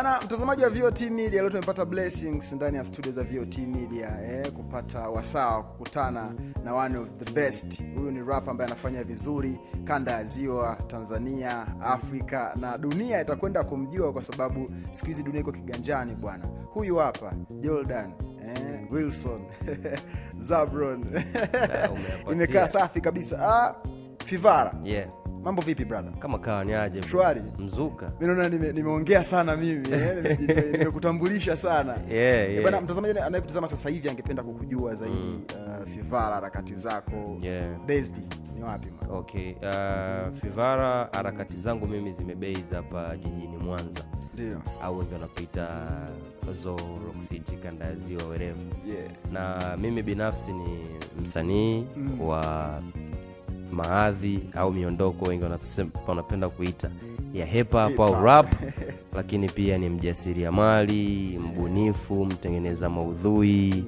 Bana mtazamaji wa VOT Media, leo tumepata blessings ndani ya studio za VOT Media eh, kupata wasaa wa kukutana na one of the best. Huyu ni rap ambaye anafanya vizuri kanda ya ziwa Tanzania, Afrika na dunia itakwenda kumjua kwa sababu siku hizi dunia iko kiganjani bwana. Huyu hapa Jordan eh, Wilson Zabron eh, imekaa safi kabisa ah, Fivara yeah. Mambo vipi brother? Kama kawaniaje Shwari. Mzuka. Mimi naona nimeongea sana mimi, eh, nimekutambulisha sana. Yeah, yeah. Eh, mtazamaji anayekutazama sasa hivi angependa kukujua zaidi mm. Uh, Fivara harakati zako. Yeah. Based ni wapi man? Okay. Uh, Fivara harakati zangu mimi zimebase hapa jijini Mwanza. Ndio. Au wengi wanapita zoroksiti kanda ya Ziwa, werevu. Yeah. Na mimi binafsi ni msanii mm. wa maadhi au miondoko, wengi wanapenda kuita ya hip hop au rap, lakini pia ni mjasiriamali, mbunifu, mtengeneza maudhui,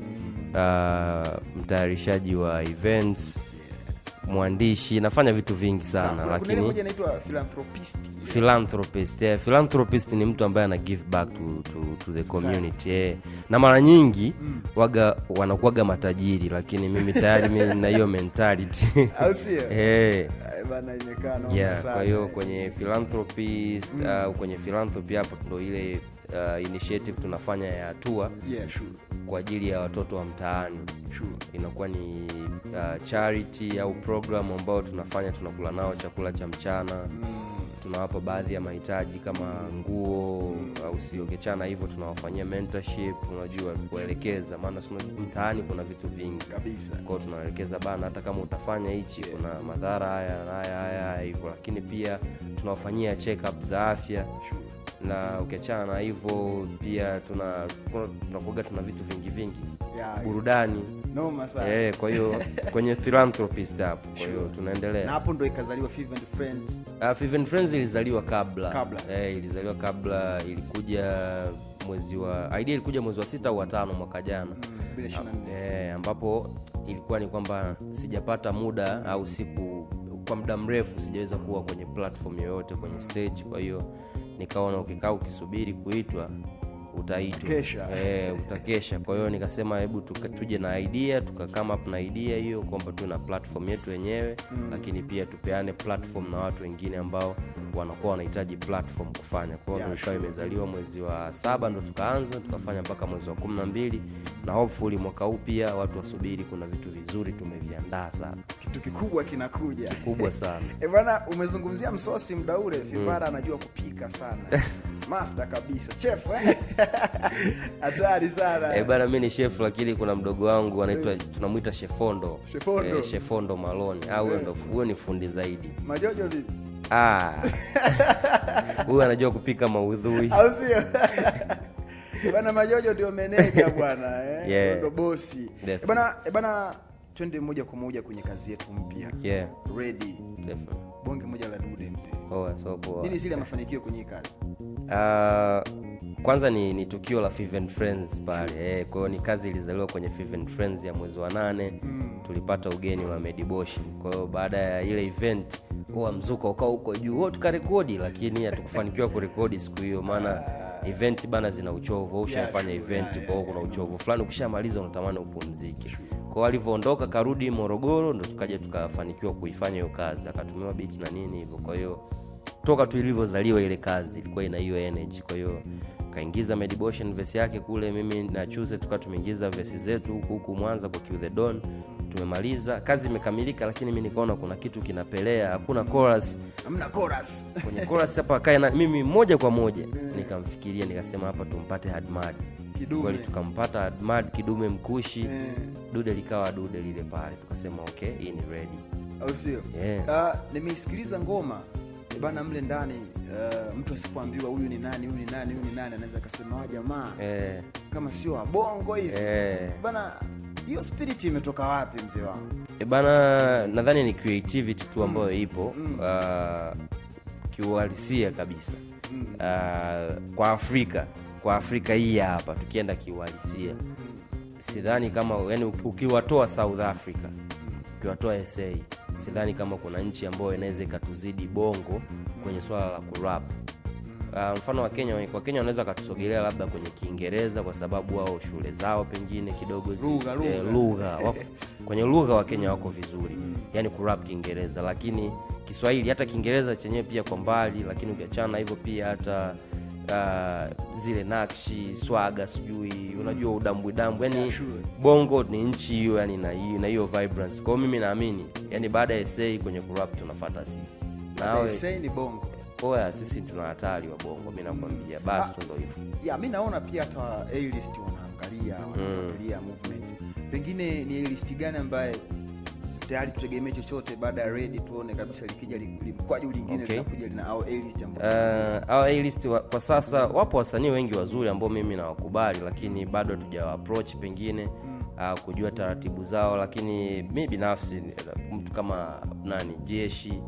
uh, mtayarishaji wa events mwandishi, nafanya vitu vingi sana lakini philanthropist. yeah. Philanthropist ni mtu ambaye ana give back to, to, to the community yeah. Na mara nyingi mm. waga wanakuwaga matajiri, lakini mimi tayari mi na hiyo mentality hey. Eh. Yeah, kwa hiyo kwenye philanthropist mm. uh, kwenye philanthropy hapo ndo ile uh, initiative tunafanya ya hatua yeah, sure. kwa ajili ya watoto wa mtaani sure. inakuwa ni uh, charity au program ambayo tunafanya, tunakula nao chakula cha mchana mm tunawapa baadhi ya mahitaji kama nguo au uh, siokechana hivyo, tunawafanyia mentorship, unajua kuelekeza maana mtaani kuna vitu vingi Kwao tunawaelekeza bana, hata kama utafanya hichi kuna madhara haya na haya haya hivyo, lakini pia tunawafanyia check up za afya sure na ukiachana na hivyo pia tuna tunakuaga tuna vitu vingi vingi yeah, burudani noma sana Yeah, kwa hiyo kwenye philanthropist hapo, kwa hiyo sure. tunaendelea na hapo ndo ikazaliwa Five and Friends. Uh, ah, Five and Friends ilizaliwa kabla, kabla. Eh, ilizaliwa kabla, ilikuja mwezi wa idea ilikuja mwezi wa sita au wa tano mwaka jana mm, ah, eh, ambapo ilikuwa ni kwamba sijapata muda au siku kwa muda mrefu sijaweza kuwa kwenye platform yoyote kwenye stage, kwa hiyo nikaona ukikaa ukisubiri kuitwa utaitwa e, utakesha. Kwa hiyo nikasema hebu tuje na idea, tuka come up na idea hiyo kwamba tuwe na platform yetu wenyewe mm. Lakini pia tupeane platform na watu wengine ambao wanakuwa wanahitaji platform kufanya. kwao yeah, ikawa imezaliwa mwezi wa saba ndo tukaanza tukafanya mpaka mwezi wa kumi na mbili na hopefully mwaka huu pia watu wasubiri, kuna vitu vizuri tumeviandaa sana, kitu kikubwa kinakuja kikubwa sana. E umezungumzia msosi mda ule Fivara mm. anajua kupika sana master kabisa chef eh? hatari sana eh, bana, mi ni chef, lakini kuna mdogo wangu anaitwa tunamwita Shefondo Shefondo, e, Shefondo Maloni au ah, huyo ni fundi zaidi. Majojo vipi? Ah. huyu anajua kupika maudhui au sio? Bwana Majojo ndio meneja bwana, eh? Yeah. Ndio bosi. Bwana eh, bwana, twende moja kwa moja kwenye kazi yetu mpya. Yeah. Ready. Definitely. Bonge moja la dude mzee. Oh, so Nini zile mafanikio kwenye kazi? Uh, kwanza ni, ni tukio la Fiven Friends pale eh, kwa hiyo ni kazi ilizaliwa kwenye Fiven Friends ya mwezi wa nane mm. tulipata ugeni wa Mediboshi. Kwa hiyo baada ya ile event huwa mzuka ukaa huko juu huo tukarekodi, lakini hatukufanikiwa kurekodi siku hiyo, maana event bana zina uchovu, ushafanya event, kwa hiyo kuna uchovu fulani, ukishamaliza unatamani upumzike. Kwa alivyoondoka karudi Morogoro, ndo tukaja tukafanikiwa kuifanya hiyo kazi, akatumiwa beat na nini hivyo. Kwa hiyo toka tu ilivyozaliwa ile kazi ilikuwa ina hiyo energy, kwa hiyo kaingiza Medibotion vesi yake kule, mimi na Chuse tukawa tumeingiza vesi zetu huku huku Mwanza kwa Kill the Don, tumemaliza kazi imekamilika, lakini mimi nikaona kuna kitu kinapelea, hakuna chorus, hamna chorus kwenye chorus hapa kae na mimi moja kwa moja. Nikamfikiria nikasema, hapa tumpate Hadmad Kidume. Kweli tukampata Hadmad Kidume Mkushi, eh. dude likawa dude lile pale, tukasema okay, hii ni ready, au sio? Yeah. Uh, ah, nimesikiliza ngoma bana mle ndani uh, mtu asipoambiwa huyu ni nani huyu ni nani huyu ni nani anaweza akasema wa ah, jamaa eh, kama sio wabongo hivi eh. Bana, hiyo spirit imetoka wapi mzee wangu? E bana, nadhani ni creativity tu ambayo mm. ipo mm. uh, kiuhalisia kabisa mm. uh, kwa Afrika kwa Afrika hii hapa tukienda kiuhalisia mm. sidhani kama yani, ukiwatoa South Africa ukiwatoa SA sidhani kama kuna nchi ambayo inaweza ikatuzidi bongo kwenye swala la kurap. Uh, mfano wa Kenya, kwa Kenya wanaweza wakatusogelea labda kwenye Kiingereza kwa sababu wao shule zao pengine kidogo lugha eh, kwenye lugha wa Kenya wako vizuri mm. Yani kurap Kiingereza, lakini Kiswahili hata Kiingereza chenyewe pia kwa mbali, lakini ukiachana hivyo pia hata zile nakshi swaga sijui mm. unajua udambwidambwi yani yeah, sure. bongo ni nchi hiyo yani na hiyo vibrance kwao mimi naamini yani baada ya sei kwenye kurap tunafata sisi nawe ni bongo oya sisi tuna hatari wa bongo mi nakwambia mm. basi ah, tundo ndo ya mi naona pia hata a list wanaangalia mm. wanafuatilia mm. movement pengine ni a list gani ambaye tayari tutegemee chochote baada ya redi, tuone kabisa likija likwaju lingine linakuja lina au A-list ambao uh, au list kwa sasa. Wapo wasanii wengi wazuri ambao mimi nawakubali, lakini bado hatuja approach pengine hmm. Uh, kujua taratibu zao, lakini mi binafsi mtu kama nani jeshi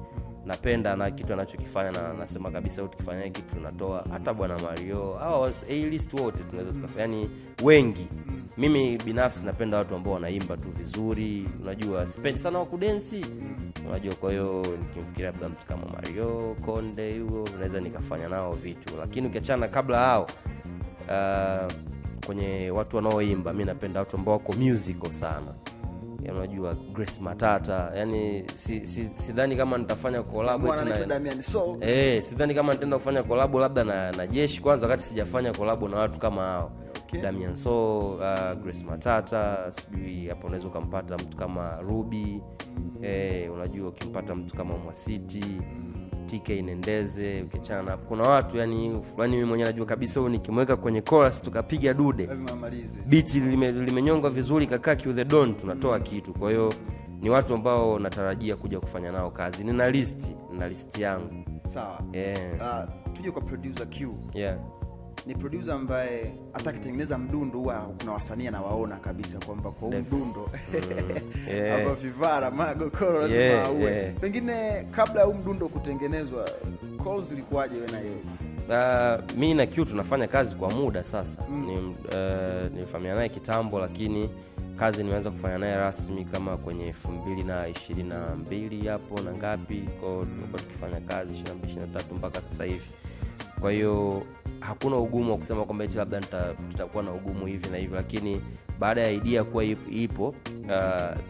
napenda na kitu anachokifanya na nasema kabisa, tukifanya kitu tunatoa hata bwana Mario au A-list wote tunaweza tukafanya, yani wengi hmm. Mimi binafsi napenda watu ambao wanaimba tu vizuri, unajua spendi sana wa kudensi, unajua. Kwa hiyo nikimfikiria labda mtu kama Mario Konde huo, naweza nikafanya nao vitu, lakini ukiachana kabla hao uh, kwenye watu wanaoimba, mi napenda watu ambao wako musical sana, yaani unajua Grace Matata. Yani sidhani si, si, kama nitafanya kolabo eh, sidhani kama nitaenda kufanya kolabo labda na, na Jeshi kwanza, wakati sijafanya kolabo na watu kama hao Damian So, uh, Grace Matata, sijui hapo unaweza ukampata mtu kama Ruby eh, unajua ukimpata mtu kama Mwasiti TK Nendeze, ukiachana kuna watu yani fulani, mi mwenyewe najua kabisa huu nikimweka kwenye chorus tukapiga dude bichi limenyongwa lime vizuri, kakaa kiu don tunatoa kitu. Kwa hiyo ni watu ambao natarajia kuja kufanya nao kazi, nina listi, nina listi yangu sawa. yeah. Uh, tuje kwa producer Q yeah ni producer ambaye hata akitengeneza mdundo huwa kuna wasanii anawaona kabisa kwamba kwa huu mdundo mm. Vivara magokoro lazima yeah, aue. Yeah. Pengine kabla ya huu mdundo kutengenezwa, calls ilikuwaje wewe na yeye? Uh, ah, mi na Q tunafanya kazi kwa muda sasa mm. Ni, uh, naye kitambo lakini kazi nimeanza kufanya naye rasmi kama kwenye elfu mbili na ishirini na mbili hapo na ngapi, kwa tumekuwa tukifanya kazi ishirini na tatu mpaka sasa hivi kwa hiyo hakuna ugumu wa kusema kwamba hichi labda tutakuwa na ugumu hivi na hivi, lakini baada ya idia kuwa ipo uh,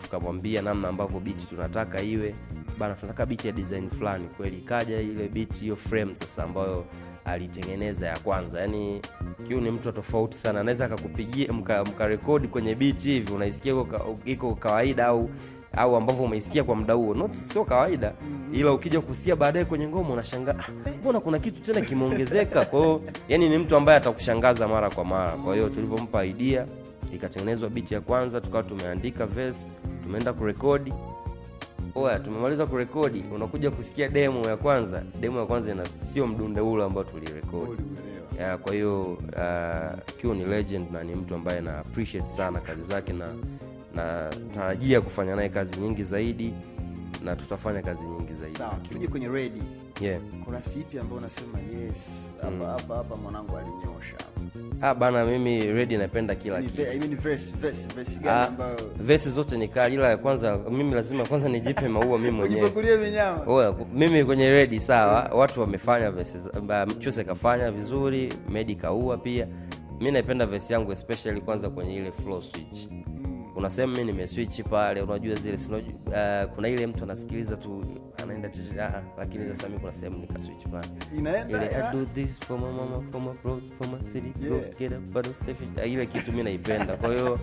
tukamwambia namna ambavyo biti tunataka iwe bana, tunataka biti ya design fulani. Kweli ikaja ile biti hiyo frame sasa ambayo alitengeneza ya kwanza. Yani kiu ni mtu tofauti sana, anaweza akakupigia mkarekodi mka kwenye biti hivi unaisikia iko kawaida au au ambavyo umeisikia kwa muda huo, not sio kawaida, ila ukija kusia baadaye kwenye ngoma unashangaa, ah, mbona kuna kitu tena kimeongezeka. Kwa hiyo yani ni mtu ambaye atakushangaza mara kwa mara. Kwa hiyo tulivyompa idea, ikatengenezwa biti ya kwanza, tukawa tumeandika verse, tumeenda kurekodi Oya, tumemaliza kurekodi, unakuja kusikia demo ya kwanza. Demo ya kwanza ina sio mdunde ule ambao tulirekodi. Kwa hiyo uh, Q ni legend na ni mtu ambaye na appreciate sana kazi zake na na natarajia kufanya naye kazi nyingi zaidi na tutafanya kazi nyingi zaidi. Sawa, tuje kwenye Redi. Yeah. Kuna sipi ambayo unasema yes, hapa mm. hapa hapa mwanangu alinyosha. ha, ah, bana mimi Redi napenda kila yaani, kitu. Ah, zote ni kali ila ya kwanza mimi lazima kwanza nijipe maua mimi mwenyewe. Ujipakulie vinyama. Oh, mimi kwenye Redi sawa, watu wamefanya verses Mchuse kafanya vizuri, Medi kaua pia. Mimi naipenda verse yangu especially kwanza kwenye ile flow switch kuna sehemu mimi nimeswitch pale, unajua zile si uh, kuna ile mtu anasikiliza tu anaenda tishia, ah, lakini sasa mimi kuna sehemu nikaswitch pale, inaenda ile I do this for my mama for my bro for my city go get up but safe, ah, ile kitu mimi naipenda. Kwa hiyo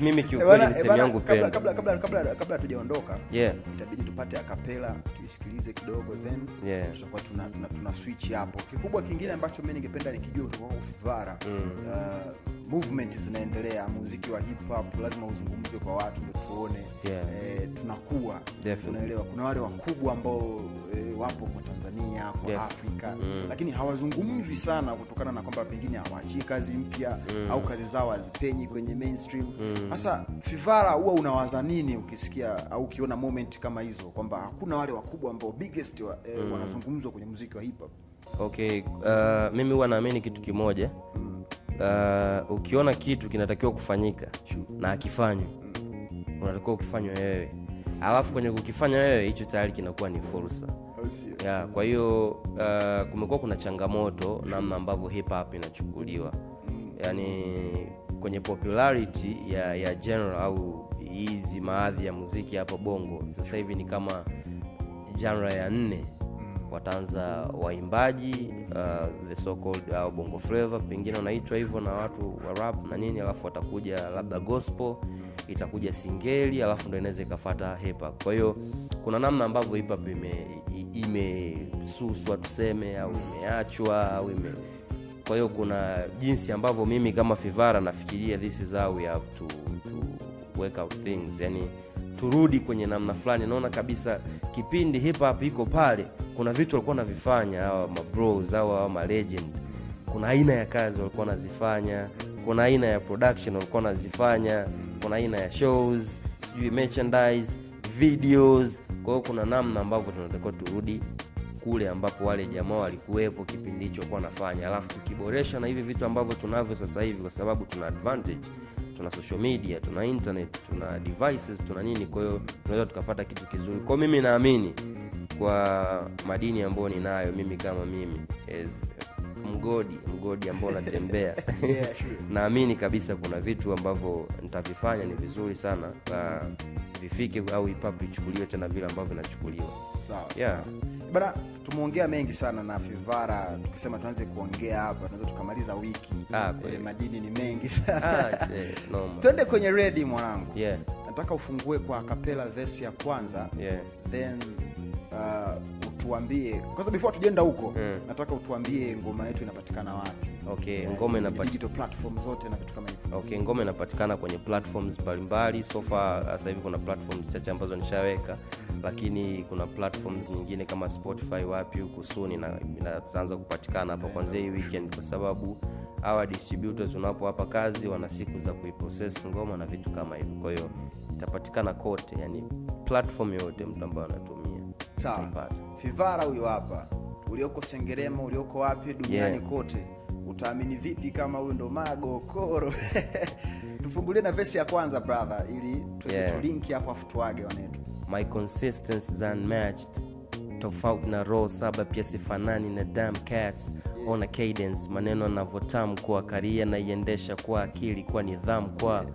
mimi eh, kiukweli ni eh, sehemu yangu pendwa. Kabla kabla kabla kabla hatujaondoka, yeah, itabidi tupate akapela tuisikilize kidogo, then yeah, tutakuwa tuna, tuna, tuna switch hapo. Kikubwa kingine ambacho mimi ningependa nikijua kutoka kwa Fivara mm. uh, movement zinaendelea, muziki wa hip hop lazima uzungumzwe kwa watu ndio tuone, yeah. E, tunakuwa tunaelewa. Kuna wale wakubwa ambao e, wapo kwa Tanzania kwa yes. Afrika mm. lakini hawazungumzwi sana kutokana na kwamba pengine hawaachii kazi mpya mm. au kazi zao hazipenyi kwenye mainstream. Mm. Sasa mm. Fivara, huwa unawaza nini ukisikia au ukiona moment kama hizo kwamba hakuna wale wakubwa ambao biggest wa, e, mm. wanazungumzwa kwenye muziki wa hip hop? Okay, uh, mimi huwa naamini kitu kimoja mm uh, ukiona kitu kinatakiwa kufanyika na akifanywa, unatakiwa ukifanywa wewe, alafu kwenye kukifanya wewe, hicho tayari kinakuwa ni fursa yeah, oh, Kwa hiyo uh, kumekuwa kuna changamoto namna ambavyo hip hop inachukuliwa, yani kwenye popularity ya, ya general au hizi maadhi ya muziki hapa Bongo sasa hivi ni kama genre ya nne wataanza waimbaji uh, the so called au uh, bongo flavor pengine wanaitwa hivyo na watu wa rap na nini, alafu watakuja labda gospel, itakuja singeli, alafu ndo inaweza ikafata hip hop. Kwa hiyo kuna namna ambavyo hip hop imesuswa ime tuseme, au imeachwa au ime kwa hiyo kuna jinsi ambavyo mimi kama Fivara nafikiria this is how we have to, to work out things, yani turudi kwenye namna fulani. Naona kabisa kipindi hip hop iko pale kuna vitu walikuwa wanavifanya hawa mabros au hawa malegend, kuna aina ya kazi walikuwa wanazifanya, kuna aina ya production walikuwa wanazifanya, kuna aina ya shows, sijui merchandise, videos. Kwa hiyo kuna namna ambavyo tunatakiwa turudi kule ambapo wale jamaa walikuwepo kipindi hicho kwa nafanya, alafu tukiboresha na hivi vitu ambavyo tunavyo sasa hivi, kwa sababu tuna advantage, tuna social media, tuna internet, tuna devices, tuna nini. Kwa hiyo tunaweza tukapata kitu kizuri. Kwa mimi naamini kwa madini ambayo ninayo mimi kama mimi as mgodi mgodi ambao natembea yeah, sure. naamini kabisa kuna vitu ambavyo nitavifanya ni vizuri sana uh, vifike au ipap ichukuliwe tena vile ambavyo inachukuliwa bana tumeongea mengi sana na fivara tukisema tuanze kuongea hapa tunaweza tukamaliza wiki ah, e, madini ni mengi sana ah, no, kwenye redi mwanangu yeah. nataka ufungue kwa kapela vesi ya kwanza yeah. then uh, utuambie kwanza, before tujenda huko mm. nataka utuambie ngoma yetu inapatikana wapi? Okay, eh, ngoma inapatikana digital platform zote na vitu kama hivyo. Okay, ngoma inapatikana kwenye platforms mbalimbali. So far uh, sasa hivi kuna platforms chache ambazo nishaweka, lakini kuna platforms nyingine kama Spotify wapi huko soon na inaanza kupatikana hapa kwanza hii weekend, kwa sababu hawa distributors tunapowapa kazi wana siku za kuiprocess ngoma na vitu kama hivyo. Kwa hiyo itapatikana kote, yani platform yoyote mtu ambaye anatumia Sawa. Fivara huyo hapa, ulioko Sengerema, ulioko wapi duniani yeah, kote utaamini vipi kama huyo ndo Mago Koro? Tufungulie na vesi ya kwanza brother, ili tulink yeah, hapo afu tuage wanetu. My consistency is unmatched tofauti na roho saba pia sifanani na Damn Cats yeah. on a cadence maneno kwa karia naiendesha kwa akili kwa nidhamu kwa yeah.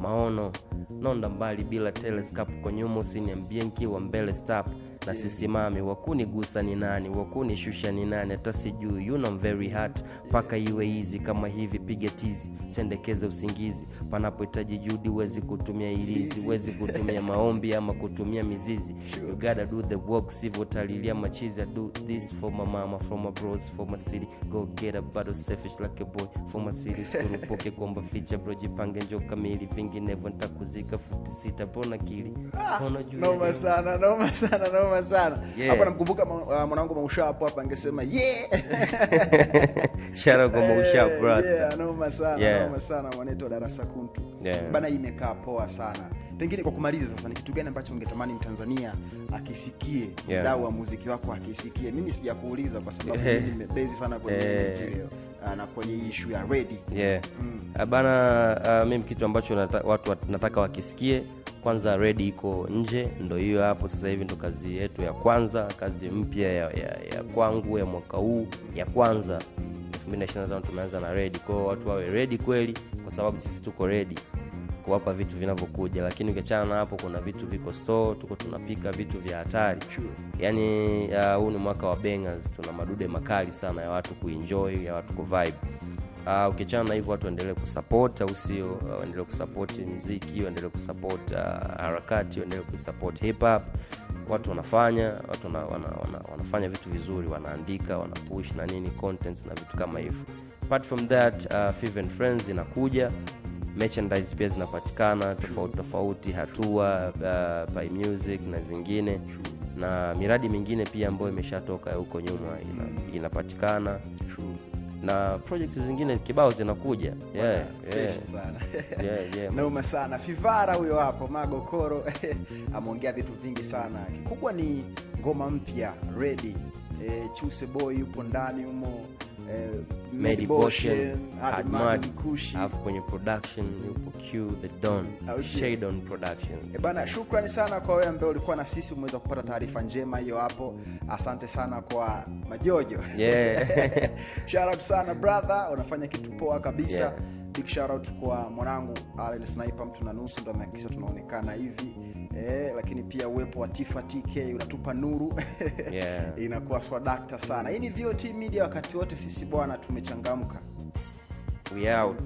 Maono nonda mbali bila telescope, kwa nyuma usiniambie nkiwa mbele stop na sisimame, wakunigusa ni nani, wakunishusha ni nani, hata sijui you know very hard, mpaka iwe hizi kama hivi, piga tizi, sendekeza usingizi, panapohitaji judi wezi kutumia ilizi, wezi kutumia maombi ama kutumia mizizi, you gotta do the work, sivyo talilia machizi. do this for my mama, for my bros, for my city, go get a battle, selfish like a boy, for my city, skurupoke kwamba ficha bro, jipange njo kamili, vinginevyo nitakuzika 56 bro na kili, ah, noma sana, noma sana, noma njema sana yeah. Hapo namkumbuka uh, mwanangu Mausha hapo hapa angesema yeah. Shara kwa eh, Mausha bro. Yeah, noma sana, noma sana mwanetu wa darasa kuntu. Yeah. Bana imekaa poa sana. Pengine kwa kumaliza sasa, ni kitu gani ambacho ungetamani mtanzania akisikie, yeah. mdau wa muziki wako akisikie? Mimi sijakuuliza kwa sababu eh. mimi nimebezi sana kwenye uh, na kwenye ishu ya redi yeah. mm. Bana uh, mimi kitu ambacho nata, watu nataka wakisikie kwanza, redi iko nje, ndo hiyo hapo sasa hivi ndo kazi yetu ya kwanza, kazi mpya ya, ya, ya kwangu ya mwaka huu ya kwanza 2025 tumeanza na redi kwao, watu wawe redi kweli, kwa sababu sisi tuko redi kuwapa vitu vinavyokuja, lakini ukiachana na hapo, kuna vitu viko store, tuko tunapika vitu vya hatari sure. Yani uh, huu uh, ni mwaka wa bangers, tuna madude makali sana ya watu kuenjoy, ya watu kuvibe. Uh, ukiachana na hivyo, watu waendelee kusupport, au sio? Uh, waendelee uh, kusupport mziki, waendelee uh, harakati, uh, waendelee kusupport hip hop. Watu wanafanya watu wana, wana, wana, wanafanya vitu vizuri, wanaandika, wanapush na nini contents na vitu kama hivyo. Apart from that uh, fiven Friends inakuja merchandise pia zinapatikana tofauti tofauti, hatua uh, by music na zingine na miradi mingine pia ambayo imeshatoka huko nyuma ina, inapatikana na projects zingine kibao zinakuja. Yeah, yeah. Sana. yeah, yeah. Nauma sana Fivara huyo hapo magokoro ameongea vitu vingi sana, kikubwa ni ngoma mpya ready. E, Chuse Boy yupo ndani humo Eh, alafu kwenye production yupo Q the Don, Productions. Eh, bana, shukrani sana kwa wewe ambaye ulikuwa na sisi, umeweza kupata taarifa njema hiyo hapo. Asante sana kwa majojo. Yeah. sana brother, unafanya kitu poa kabisa. Yeah. Big shout kwa mwanangu alen Sniper, mtu na nusu ndo amehakikisha tunaonekana hivi eh, lakini pia uwepo wa Tifa TK unatupa nuru yeah. Inakuwa swadakta sana. Hii ni VOT Media, wakati wote sisi bwana tumechangamka. We out.